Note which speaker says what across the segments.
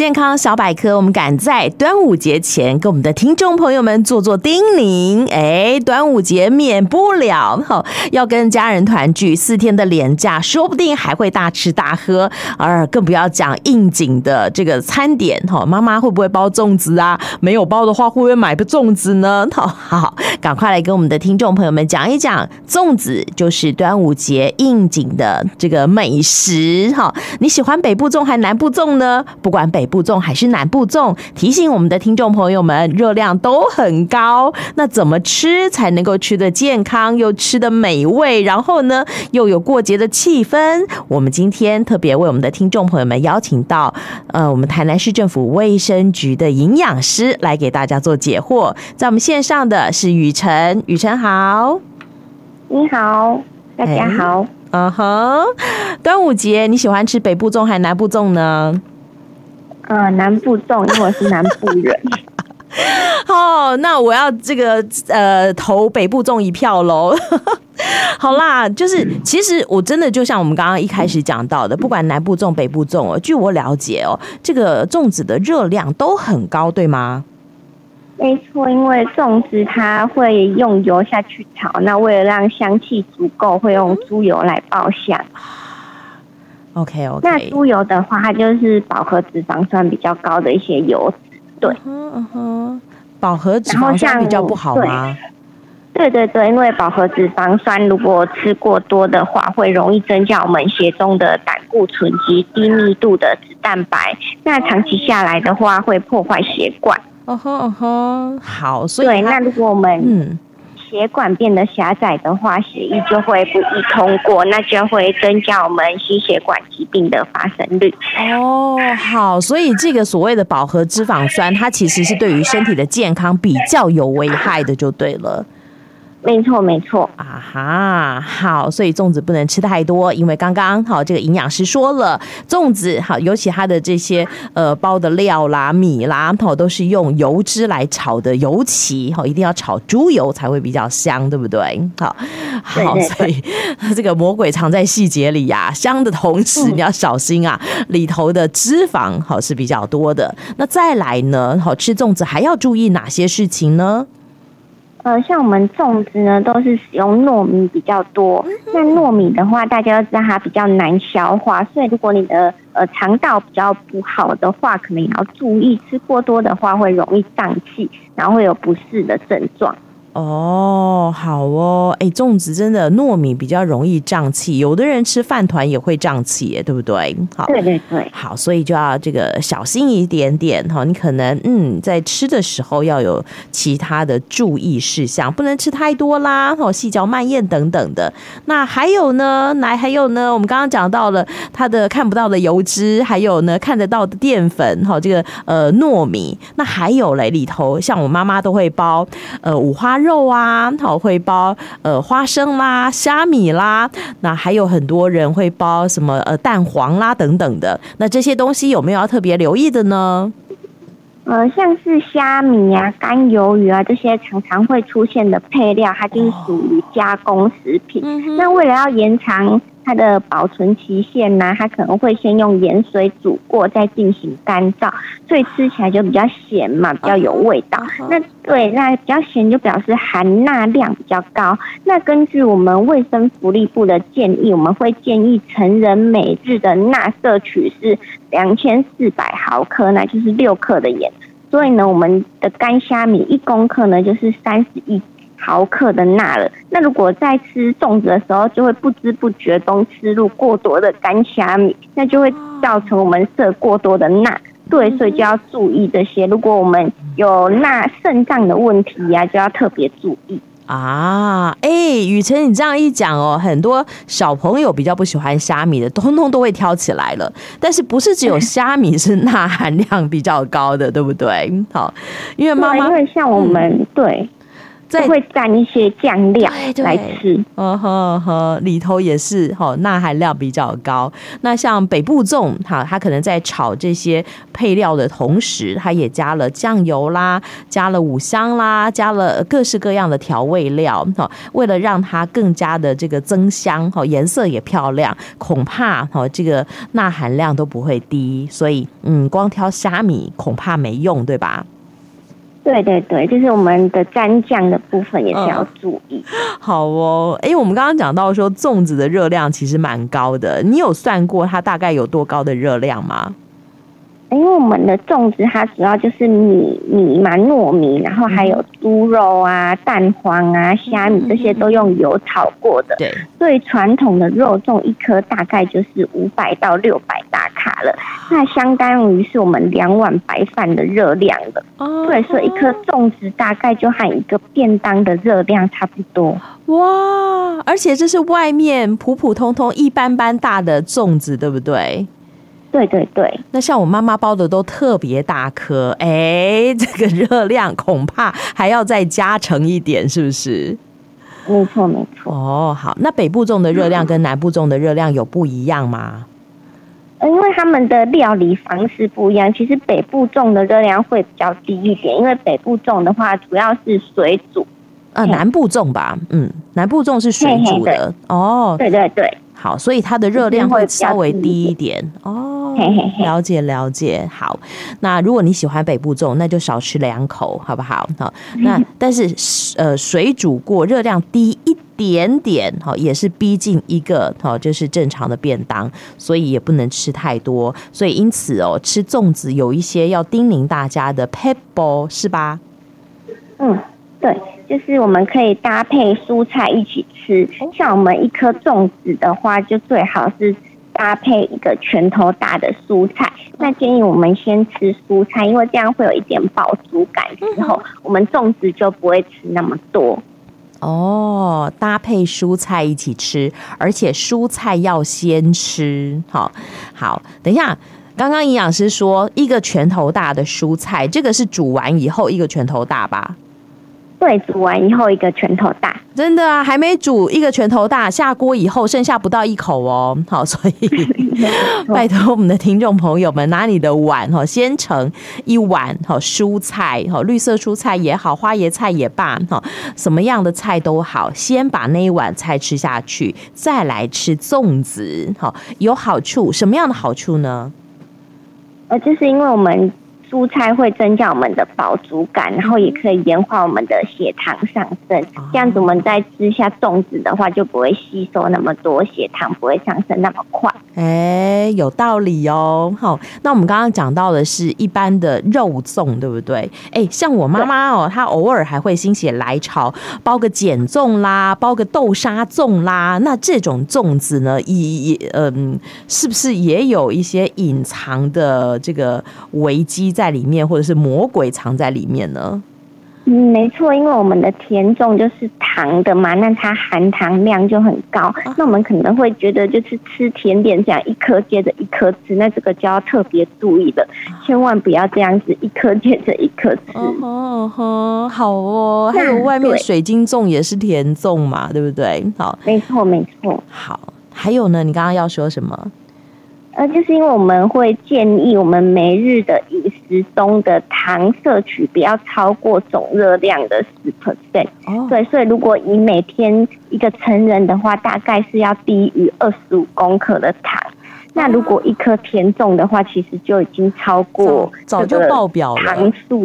Speaker 1: 健康小百科，我們趕在端午節前跟我們的聽眾朋友們做做叮嚀。哎，端午節免不了、哦、要跟家人團聚，四天的連假，說不定還會大吃大喝，而更不要講應景的這個餐點哈。哦、媽媽會不會包粽子啊？沒有包的話，會不會買個粽子呢？哦、好，趕快來跟我們的聽眾朋友們講一講，粽子就是端午節應景的這個美食哈、哦。你喜歡北部粽還南部粽呢？不管北部粽還是南部粽，提醒我們的聽眾朋友們，熱量都很高。那怎麼吃才能夠吃得健康又吃得美味？然後呢，又有過節的氣氛？我們今天特別為我們的聽眾朋友們邀請到，呃，我們台南市政府衛生局的營養師來給大家做解惑。在我們線上的是瑀宸，瑀宸好，
Speaker 2: 你好，
Speaker 1: 大家好。嗯、欸、哼、uh-huh，端午節你喜歡吃北部粽還是南部粽呢？
Speaker 2: 呃，南部粽，因
Speaker 1: 為我是南部人。 哦，那我要這個呃投北部粽一票嘍。 好啦，就是其實我真的就像我們剛剛一開始講到的，不管南部粽、北部粽哦，據我了解哦，這個粽子的熱量都很高，對嗎？
Speaker 2: 沒錯，因為粽子它會用油下去炒，那為了讓香氣足夠，會用豬油來爆香。OK，OK。那豬油的話，它就是飽和脂肪酸比較高的一些油脂，對。嗯哼，嗯哼。飽和脂肪酸比較不好嗎？對對對，因為飽和脂肪酸如果吃過多的話，會容易增加我們血中的膽固醇及低密度的脂蛋白。嗯哼，嗯哼。那長期下來的話，會破壞血管。嗯哼，嗯哼。好，所以那如果我們嗯。血管變得狹窄的話，血液就會不易通過，那就會增加我們心血管疾病的發生率。哦、oh，好，所以這
Speaker 1: 個所謂的飽和脂肪酸，它其實是對於身體的健康比較有危害的，就對了。沒錯，沒錯。啊哈，好，所以粽子不能吃太多，因為剛剛好、哦、這個營養師說了，粽子好，尤其它的這些呃包的料啦、米啦、哦，都是用油脂來炒的，尤其、哦、一定要炒豬油才會比較香，對不對？好好對對對，所以這個魔鬼藏在細節裡呀、啊，香的同時、嗯、你要小心啊，裡頭的脂肪好、哦、是比較多的。那再來呢，好、哦、吃粽子還要注意哪些事情呢？
Speaker 2: 呃，像我們粽子呢，都是使用糯米比較多。那糯米的話，大家都知道它比較難消化，所以如果你的呃腸道比較不好的話，可能也要注意吃過多的話，會容易脹氣，然後會有不適的症狀。
Speaker 1: 哦，好哦，哎，粽子真的糯米比較容易脹氣，有的人吃飯糰也會脹氣，對不對？好，對對對，好，所以就要這個小心一點點哈。你可能嗯，在吃的時候要有其他的注意事項，不能吃太多啦，哦，細嚼慢嚥等等的。那還有呢，來還有呢，我們剛剛講到了它的看不到的油脂，還有呢看得到的澱粉，哈，這個呃糯米，那還有嘞裡頭，像我媽媽都會包呃五花肉。肉啊，好會包呃花生啦、蝦米啦，那還有很多人會包什麼呃蛋黃啦等等的。那這些東西有沒有要特別留意的
Speaker 2: 呢？呃，像是蝦米啊、乾魷魚啊這些常常會出現的配料，它就是屬於加工食品。哦。那為了要延長它的保存期限呢、啊，它可能會先用鹽水煮過，再進行乾燥，所以吃起來就比較鹹嘛，比較有味道。Okay. 那對，那比較鹹就表示含鈉量比較高。Okay. 那根據我們衛生福利部的建議，我們會建議成人每日的鈉攝取是兩千四百毫克，那就是六克的鹽。所以呢，我們的乾蝦米一公克呢就是三十一克。毫克的鈉了，那如果在吃粽子的時候，就會不知不覺中吃入過多的乾蝦米，那就會造成我們攝過多的鈉。對，所以就要注意這些。如果我們有鈉腎臟的問題呀、啊，就要特別注
Speaker 1: 意啊。哎、欸，瑀宸，你這樣一講哦，很多小朋友比較不喜歡蝦米的，通通都會挑起來了。但是不是只有蝦米是鈉含量比較高的， 對不對？好，因為媽媽因為像我們、嗯、
Speaker 2: 對。再會蘸一些醬料對對對，
Speaker 1: 來吃，嗯哼哼，裡頭也是哈，鈉、哦、含量比較高。那像北部粽，好，它可能在炒這些配料的同時，它也加了醬油啦，加了五香啦，加了各式各樣的調味料，好、哦，為了讓它更加的這個增香，好、哦，顏色也漂亮，恐怕好、哦、這個鈉含量都不會低。所以，嗯，光挑蝦米恐怕沒用，對吧？
Speaker 2: 對對對，就
Speaker 1: 是我們的蘸醬的部分也是要注意。哦好哦，哎，我們剛剛講到說，粽子的熱量其實蠻高的，你有算過它大概有多高的熱量嗎？
Speaker 2: 因為我們的粽子它主要就是米米嘛，糯米，然後還有豬肉啊、蛋黃啊、蝦米這些都用油炒過的，對，嗯嗯嗯。所以傳統的肉粽一顆大概就是五百到六百大卡了，那相當於是我們兩碗白飯的熱量了。哦，對，所以一顆粽子大概就和一個便當的熱量差不多。哇，而且這是外面普普通通一
Speaker 1: 般般大的粽子，對不對？對對對，那像我媽媽包的都特別大顆，哎、欸，這個熱量恐怕還要再加成一點，是不是？沒錯沒錯。哦，好，那北部粽的熱量跟南部粽的熱量有不一樣嗎、
Speaker 2: 嗯？因為他們的料理方式不一樣，其實北部粽的熱量會比較低一點，因為北部粽的話主要是水煮。嗯、啊，南部粽吧，嗯，南部粽是水煮的，嘿嘿哦，對，對對
Speaker 1: 對，好，所以它的熱量會稍微低一點，一點哦。嘿嘿嘿，了解了解，好。那如果你喜歡北部粽，那就少吃兩口，好不好？好、嗯。那但是呃，水煮過熱量低一點點，好、哦，也是逼近一個好、哦，就是正常的便當，所以也不能吃太多。所以因此哦，吃粽子有一
Speaker 2: 些要叮嚀大家的撇步是吧？嗯，對，就是我們可以搭配蔬菜一起吃，像我們一顆粽子的話，就最好是。搭配一個拳頭大的蔬菜，那建議我們先吃蔬菜，因為這樣會有一點飽足感。之後我們粽子就不會吃那麼多。
Speaker 1: 哦，搭配蔬菜一起吃，而且蔬菜要先吃。好，好，等一下，剛剛營養師說一個拳頭大的蔬菜，這個是煮完以後一個拳頭大吧？
Speaker 2: 對，煮完以
Speaker 1: 後一個拳頭大，真的啊，還沒煮一個拳頭大，下鍋以後剩下不到一口哦。好，所以 拜託我們的聽眾朋友們，拿你的碗哈，先盛一碗哈蔬菜哈，綠色蔬菜也好，花椰菜也罷哈，什麼樣的菜都好，先把那一碗菜吃下去，再來吃粽子好，有好處，什麼樣的好處呢？呃，就
Speaker 2: 是因為我們。蔬菜會增加我們的飽足感，然後也可以延緩我們的血糖上升。這樣子，我們再吃下粽子的話，就不會吸收那麼多，血糖不會上升那麼快。
Speaker 1: 哎、欸，有道理哦。好、哦，那我們剛剛講到的是一般的肉粽，對不對？哎、欸，像我媽媽哦，她偶爾還會心血來潮包個鹼粽啦，包個豆沙粽啦。那這種粽子呢，也也嗯、呃，是不是也有一些隱藏的這個危機？在裡面，或者是魔鬼藏在裡面呢？嗯，
Speaker 2: 沒錯，因為我們的甜粽就是糖的嘛，那它含糖量就很高。啊、那我們可能會覺得，就是吃甜點，這樣一顆接着一顆吃，那這個就要特別注意了、啊，千萬不要這樣子一顆接着一顆吃。
Speaker 1: 哦、oh, oh, oh, oh, 哦，好哦。還有外面水晶粽也是甜粽嘛，對不對？好，沒錯，沒錯。好，還有呢？你剛
Speaker 2: 剛要說什麼？那就是因為我們會建議我們每日的飲食中的糖攝取不要超過總熱量的十 percent。Oh. 對，所以如果你每天一個成人的話，大概是要低於二十五公克的糖。那如果一顆甜粽的話，其實就已經超過這個糖素了，早就爆表了，對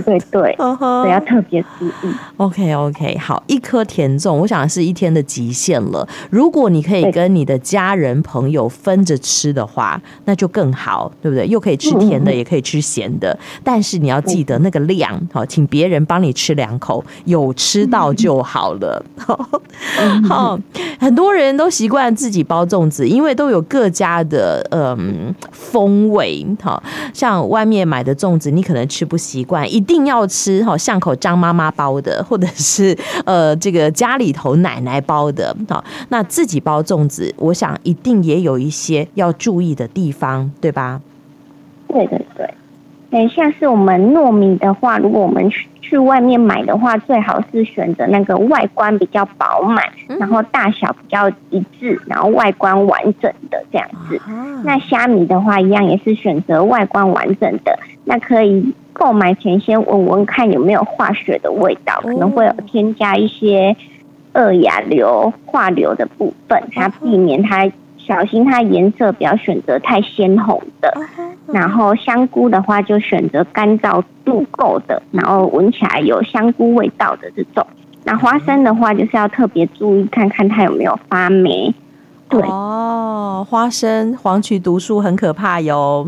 Speaker 2: 對對，Uh-huh. 對，
Speaker 1: 要特別注意。OK OK，好，一顆甜粽，我想是一天的極限了。如果你可以跟你的家人朋友分着吃的話，那就更好，對不對？又可以吃甜的，嗯嗯也可以吃鹹的。但是你要記得那個量，好，嗯，請別人幫你吃兩口，有吃到就好了。嗯嗯，好，很多人都習慣自己包粽子，因為都有各家。的嗯風味，哈、哦。像外面買的粽子，你可能吃不習慣，一定要吃哈、哦、巷口張媽媽包的，或者是呃這個家裡頭奶奶包的、哦，那自己包粽子，我想一定也有一些要注意的地方，對吧？對對，對。
Speaker 2: 對，像是我們糯米的話，如果我們去去外面買的話，最好是選擇那個外觀比較飽滿，然後大小比較一致，然後外觀完整的這樣子。那蝦米的話，一樣也是選擇外觀完整的。那可以購買前先聞聞看有沒有化學的味道，可能會有添加一些二亞硫化硫的部分，它避免它。小心它顏色不要選擇太鮮紅的。然後香菇的話，就選擇乾燥度夠的，然後聞起來有香菇味道的這種。那花生的話，就是要特別注意，看看它有沒有發霉。
Speaker 1: 哦，花生黃曲毒素很可怕喲。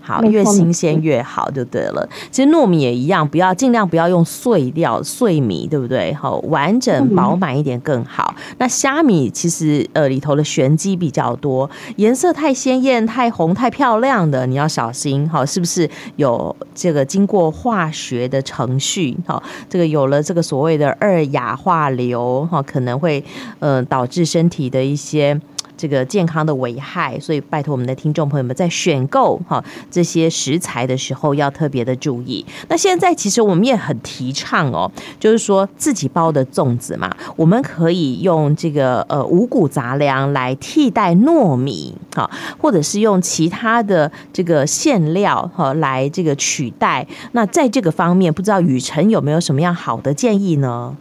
Speaker 1: 好，越新鮮越好，就對了。其實糯米也一樣，不要儘量不要用碎掉碎米，對不對？好、哦，完整飽滿一點更好。那蝦米其實呃裡頭的玄機比較多，顏色太鮮艷、太紅、太漂亮的，你要小心。好、哦，是不是有這個經過化學的程序？好、哦，這個有了這個所謂的二氧化硫，哈、哦，可能會呃導致身體的一些。這個健康的危害，所以拜託我們的聽眾朋友們在選購哈這些食材的時候要特別的注意。那現在其實我們也很提倡哦、喔，就是說自己包的粽子嘛，我們可以用這個呃五穀雜糧來替代糯米哈，或者是用其他的這個餡料哈來這個取代。那在這個方面，不知道瑀宸有沒有什麼樣好的建議呢？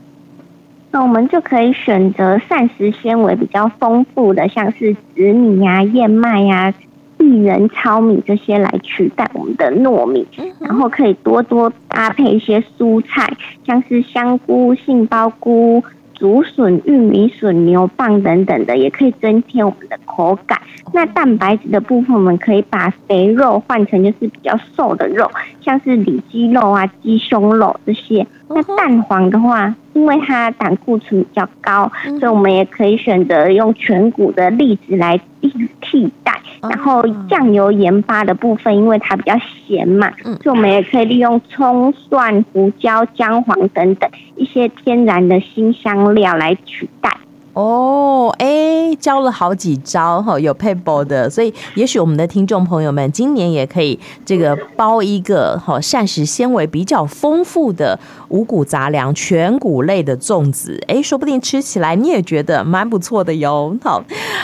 Speaker 2: 那、嗯、我們就可以選擇膳食纖維比較豐富的，像是紫米啊、燕麥啊、薏仁、糙米這些來取代我們的糯米，然後可以多多搭配一些蔬菜，像是香菇、杏鮑菇。竹筍、玉米筍、牛蒡等等的，也可以增添我們的口感。那蛋白質的部分，我們可以把肥肉換成就是比較瘦的肉，像是里脊肉啊、雞胸肉這些。那蛋黃的話，因為它膽固醇比較高，所以我們也可以選擇用全穀的栗子來替替代。然後醬油鹽巴的部分，因為它比較鹹嘛，嗯，就我們也可以利用蔥、蒜、胡椒、薑黃等等一些天然的辛香料來取代。哦，哎，教了好幾招
Speaker 1: 哈，有配包的，所以也許我們的聽眾朋友們今年也可以這個包一個哈，膳食纖維比較豐富的五穀雜糧全谷類的粽子，哎，說不定吃起來你也覺得蠻不錯的喲。好，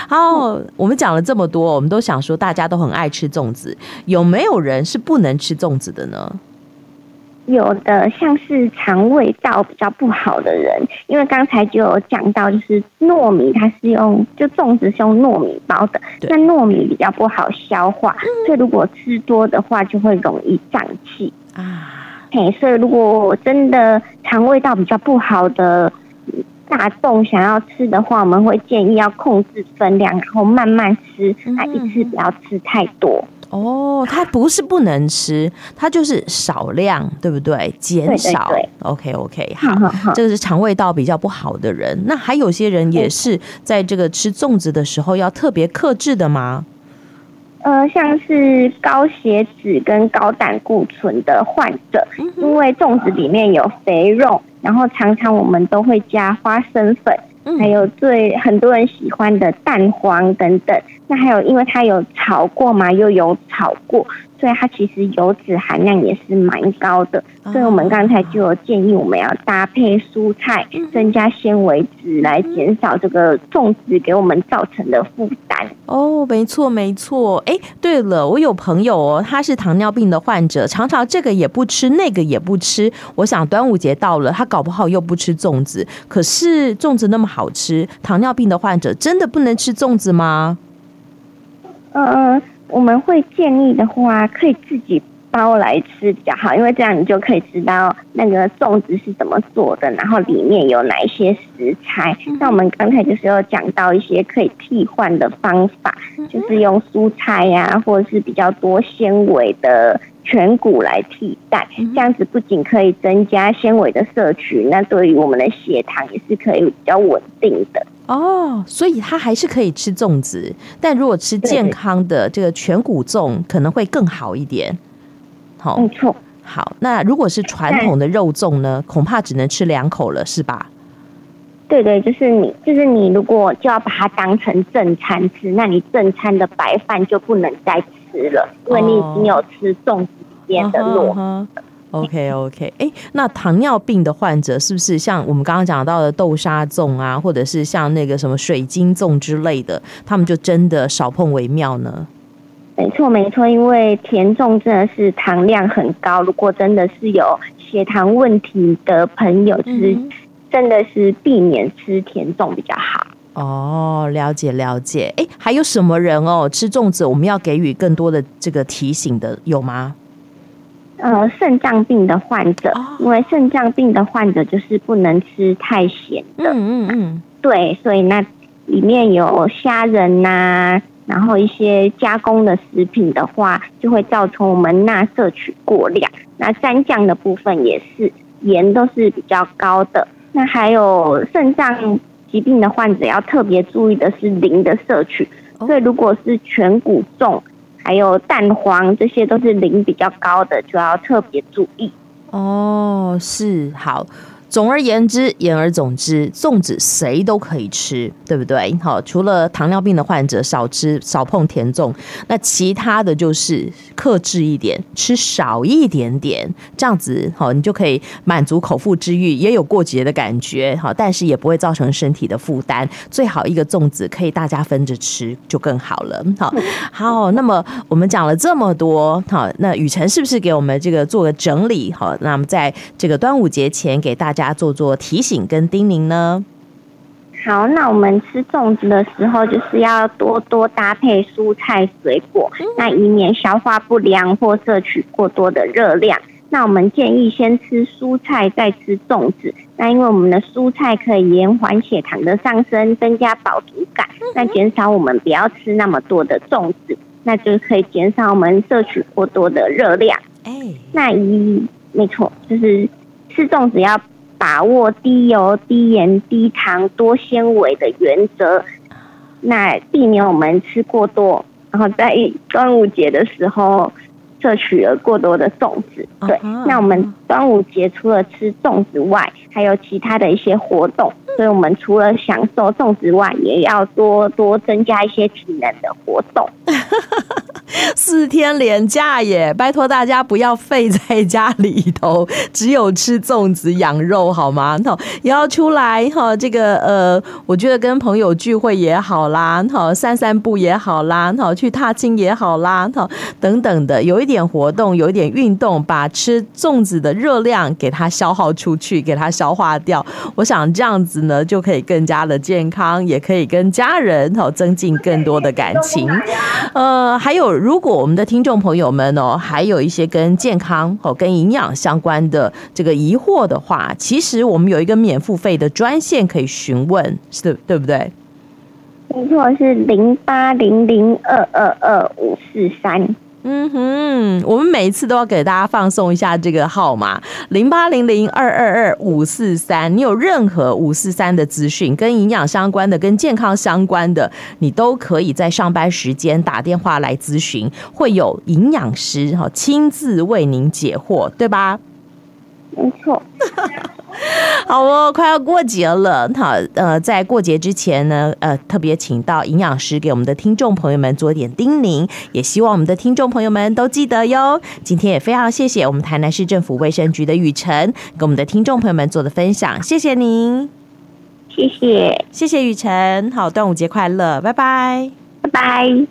Speaker 1: 好，我們講了這麼多，我們都想說大家都很愛吃粽子，有沒有人是不能吃粽子的呢？
Speaker 2: 有的，像是腸胃道比較不好的人，因為剛才就有講到，就是糯米它是用，就粽子是用糯米包的，那糯米比較不好消化，所以如果吃多的話就會容易脹氣啊。嘿，所以如果真的腸胃道比較不好的大眾想要吃的話，我們會建議要控制分量，然後慢慢吃，那，啊，一次不要吃太多。
Speaker 1: 哦，它不是不能吃，它就是少量，對不對？減少。對對對，OK OK，好，呵呵呵，這個是腸胃道比較不好的人。那還有些人也是在這個吃粽子的時候要特別克制的嗎？
Speaker 2: 呃，像是高血脂跟高膽固醇的患者，嗯，因為粽子裡面有肥肉，然後常常我們都會加花生粉，嗯、還有最很多人喜歡的蛋黃等等。那還有，因為它有炒過嘛，又有炒過，所以它其實油脂含量也是蠻高的，哦。所以我們剛才就有建議，我們要搭配蔬菜，增加纖維質，來減少這個粽子給我們造成的負擔。
Speaker 1: 哦，沒錯，沒錯。哎，欸，對了，我有朋友哦，他是糖尿病的患者，常常這個也不吃，那個也不吃。我想端午節到了，他搞不好又不吃粽子。可是粽子那麼好吃，糖尿病的患者真的不能吃粽子嗎？
Speaker 2: 呃，我們會建議的話，可以自己包來吃比較好，因為這樣你就可以知道那個粽子是怎麼做的，然後裡面有哪一些食材。那我們剛才就是有講到一些可以替換的方法，就是用蔬菜呀、啊，或者是比較多纖維的。全穀來替代，這樣子不僅可以增加纖維的攝取，那對於我們的血糖也是可以比較穩定的哦。所以它還是可以吃粽子，
Speaker 1: 但如果吃健康的對對，這個全穀粽，可能會更好一點。好、哦，沒錯。好，那如果是傳統的肉粽呢？恐怕只能吃兩口了，是吧？
Speaker 2: 對對，就是你，就是你，如果就要把它當成正餐吃，那你正餐的白飯就不能再吃。吃了，因為你
Speaker 1: 已經有吃粽子點的肉。Oh, uh-huh, uh-huh. OK OK，欸，那糖尿病的患者是不是像我們剛剛講到的豆沙粽啊，或者是像那個什麼水晶粽之類的，他們就真的少碰為妙呢？
Speaker 2: 沒錯沒錯，因為甜粽真的是糖量很高，如果真的是有血糖問題的朋友吃，是真的是避免吃甜粽比較好。
Speaker 1: 哦，了解了解。哎，還有什麼人哦？吃粽子我們要給予更多的這個提醒的，有嗎？
Speaker 2: 呃，腎臟病的患者，哦、因為腎臟病的患者就是不能吃太鹹的。嗯嗯嗯，啊、對，所以那裡面有蝦仁吶、啊，然後一些加工的食品的話，就會造成我們鈉攝取過量。那蘸醬的部分也是鹽都是比較高的。那還有腎臟。疾病的患者要特別注意的是磷的攝取，哦，所以如果是全穀粽，還有蛋黃，這些都是磷比較高的，就要特別注意。
Speaker 1: 哦，是好。總而言之，言而總之，粽子誰都可以吃，對不對？好，除了糖尿病的患者，少吃，少碰甜粽。那其他的就是克制一點，吃少一點點，這樣子，好，你就可以滿足口腹之欲，也有過節的感覺，好，但是也不會造成身體的負擔。最好一個粽子可以大家分着吃，就更好了。好， 好，那麼我們講了這麼多，好，那瑀宸，是不是給我們這個做個整理？好，那麼在這個端午節前，給大家家做做提醒跟叮
Speaker 2: 嚀呢？好，那我們吃粽子的時候，就是要多多搭配蔬菜水果，那以免消化不良或攝取過多的熱量。那我們建議先吃蔬菜，再吃粽子。那因為我們的蔬菜可以延緩血糖的上升，增加飽足感，那減少我們不要吃那麼多的粽子，那就可以減少我們攝取過多的熱量。欸，那一沒錯，就是吃粽子要。把握低油、低鹽、低糖、多纖維的原則，那避免我們吃過多。然後在端午節的時候攝取了過多的粽子。對，Uh-huh. 那我們端午節除了吃粽子外，還有其他的一些活動。所以，我們除了享受粽子外，也要多多增加一些體能的活動。 四天連假耶！拜托大家不要廢
Speaker 1: 在家裡頭，只有吃粽子、羊肉好嗎？好，也要出來哈。這個呃，我覺得跟朋友聚會也好啦，好散散步也好啦，好去踏青也好啦，好等等的，有一點活動，有一點運動，把吃粽子的熱量給它消耗出去，給它消化掉。我想這樣子呢，就可以更加的健康，也可以跟家人好增進更多的感情。呃，還有。如果我們的聽眾朋友們哦，還有一些跟健康、哦跟營養相關的這個疑惑的話，其實我們有一個免付費的專線可以詢問，是對，對不對？
Speaker 2: 沒錯，是零八零零二二二五四三。嗯哼，我們每一次都要給大家放
Speaker 1: 送一下這個號碼，零八零零二二二五四三。你有任何五四三的資訊，跟營養相關的，跟健康相關的，你都可以在上班時間打電話來諮詢，會有營養師哈親自為您解惑，對吧？沒錯。 好哦，快要過節了。好，呃，在過節之前呢，呃，特別請到營養師給我們的聽眾朋友們做一點叮嚀，也希望我們的聽眾朋友們都記得喲。今天也非常謝謝我們台南市政府衛生局的瑀宸給我們的聽眾朋友們做的分享，謝謝您，謝謝，謝謝瑀宸。好，端午節快樂，拜拜，拜拜。